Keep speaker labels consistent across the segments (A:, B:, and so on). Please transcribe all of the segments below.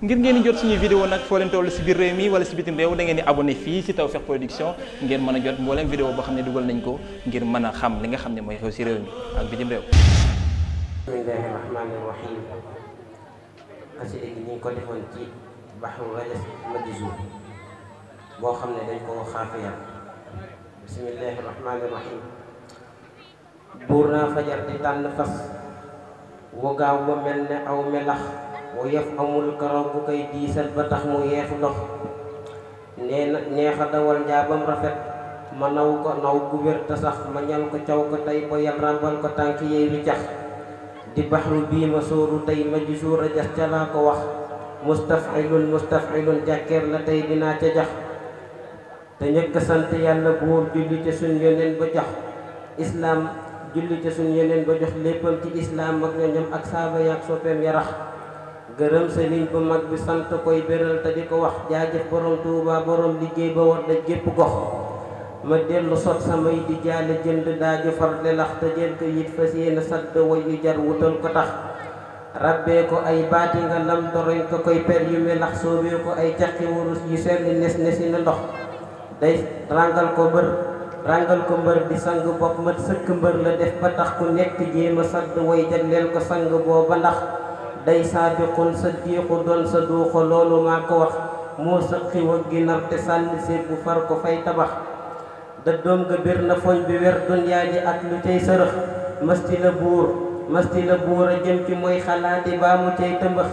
A: ngir ngeen jot suñu vidéo nag foo leen toll si biir réew mi wala si bitim réew da ngeen di abonné fii si Tawfekh Production ngeen mën a jot mbooleem vidéo boo xam ne dugal nañ ko ngir mën a xam li nga xam ne mooy xew si réew mi ak bitim réew bismillahi rahmani rahim xasida gi ñu ko defoon ci baxu walis madisu boo xam ne dañ ko xaafiya bismillahi rahmani rahim buur naa fajar di tànn fas wagaaw ba mel ne aw melax mu yëf amul karaw bu koy diisal ba tax mu yeexu ndox nee na neexa dawal njaabam rafet ma naw ko naw bu wér te sax ma ñal ko caw ko tey ba yam ràmbal ko tànk yey lu jax di baxru bii ma sóoru tey ma ji a jax ca laa ko wax mustafilun mustafilun jàkkeer la tey dinaa ca jax te ñëkk sant yàlla buur julli ca suñ yeneen ba jox islaam julli ca suñ yeneen ba jox léppam ci islaam ak ñoñam ak saaba yaak soppeem yarax gërëm sëriñ bu mag bi sant koy béral te di ko wax jaajëf borom Touba borom liggéey ba war da jépp gox ma dellu sot samay di jaale jënd daaju far lelax te jël ko yit fas yéene sadd wayu jar wutal ko tax rabbee ko ay baati nga lam doroñ ko koy per yu melax soobee ko ay caqi wurus yu sell nes nesi na ndox day ràngal ko bër ko mbër di sang bopp mat sëkk mbër la def ba tax ku nekk jéema sadd way jagleel ko sang booba ndax day saabiqun sadiqu doon sa duuxu loolu maa ko wax moo sëqi wa ginar te sànni séet bu far ko fay tabax da doom na foñ bi wer dunyaa ji ak lu cay sërëx masti la buur masti buur a jëm ci mooy xalaati baa mu cay tëmbëx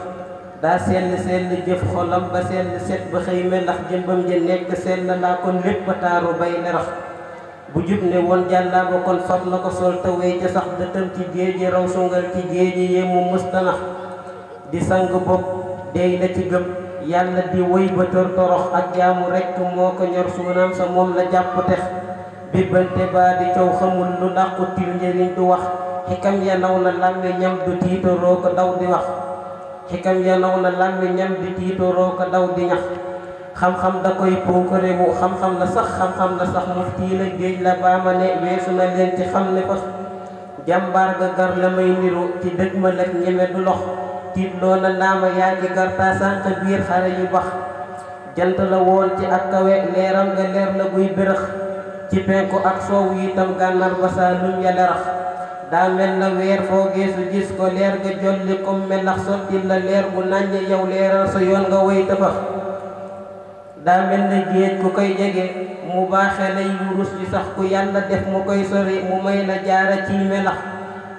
A: daa sell sell jëf xolam ba sell set ba xëy me ndax jëmbam ja nekk sell laa kon lépp taaru bay nerax bu jub ne woon jàllaa ba kon sob na ko sol te wey ca sax dëtam ci géej ji raw sungal ci géej ji yemu mustanax di sang bopp dey na ci gëm yàlla di woy torox ak jaamu rekk moo ko ñor suunam sa moom la jàpp tex bibbante baa di coow xamul lu dàqu til njëriñ du wax xikam ya na làmmi ñam du tiitoroo ko daw di wax xikam na làmmi ñam di tiitoroo ko daw di ñax xam-xam da koy puukarewu xam-xam la sax xam-xam la sax mu la géej la baama ne weesu na leen ci xam ne fa jàmbaar ga gar la may niru ci dëgg ma lëg ñeme du lox tiit loola naama yaa ji garta sànq biir xare yu bax jant la woon ci ak kawe leeram nga leer la guy bërëx ci penku ak soowu itam gànnaar ba saalum ya lerax daa mel na weer foo geesu gis ko leer nga jolli comme melax sotti la leer bu nàññe yow leeral sa yoon nga woy tëfax daa mel na géej ku koy jege mu baaxe lay wurus ci sax ku yàlla def mu koy sori mu may la jaara ciy melax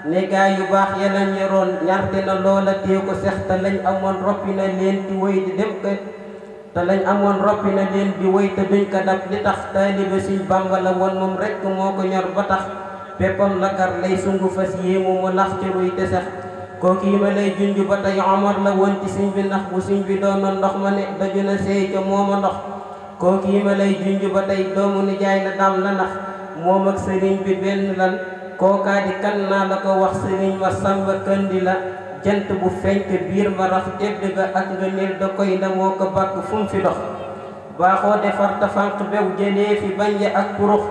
A: ne gaa yu baax yeneen yoroon ñarte na loola téye ko sex te lañ amoon roppi na leen di wéy di dem te lañ amoon roppi na leen di wéy te duñ ko dab li tax taalibe suñ Bàmba la woon moom rekk moo ko ñor ba tax peppam lakar lay sungu fas yéemu mu lax ci ruy te sex kooku yi ma lay junj ba tey Omar la woon ci bi ndax bu suñ bi doonoon ndox ma ne daju na seey moom mooma ndox kooku yi ma lay junj ba tey doomu nijaay la daam la ndax moom ak sëriñ bi benn lan kookaa di kan naa la ko wax sëriñ ma sàmba kandi la jant bu fenk biir ma raf tedd ga ak nga nel da koy na ko bàkk fu mu fi dox baaxoo defar tafanq bew jëlee fi banje ak kurux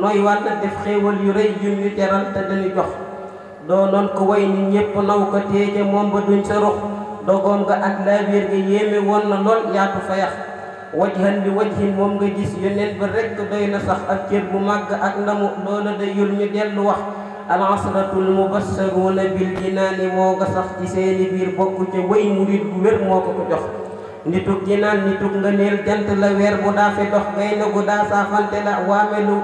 A: nooy wàtta def xéewal yu rëy yu ñu teral te dañu jox doonoon ko woy ni ñépp naw ko téeje moom ba duñ sa rux dogoom nga ak laabiir ga yéeme woon na lool yaatu fa yax wajhan bi wajhin moom nga gis yonent ba rekk doy na sax ak cër bu màgg ak ndamu loola dayul ñu dellu wax alasratul mubassaruuna bil jinaani moo nga sax ci seeni biir bokk ca way murit bu wér moo ko ko jox nitug jinaan nitug nga neel jant la weer bu daa fi dox gaynde gu daa saafante la waamelu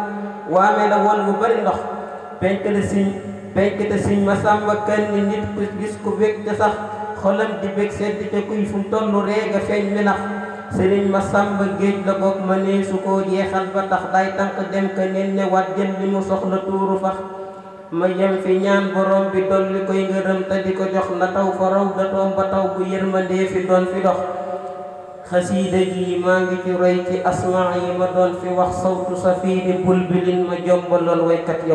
A: waame la woon bu bari ndox penk la siñ penk te siñ ma sàmba kan ni nit ku gis ku bég te sax xolam di bég sedd ca kuy fu mu toll reega feeñ mi sëriñ ma sàmba géej la bokk ma ne su ko jeexal ba tax day tànk dem ka nen ne waat li mu soxla tuuru fax ma yem fi ñaan borom bi dolli koy ngërëm di ko jox na taw fa raw da toom bu yërmandee fi doon fi dox xasiida gi maa ngi ci roy ci asmaa yi ma doon fi wax sawtu safiiri bulbilin ma jombaloon waykat ya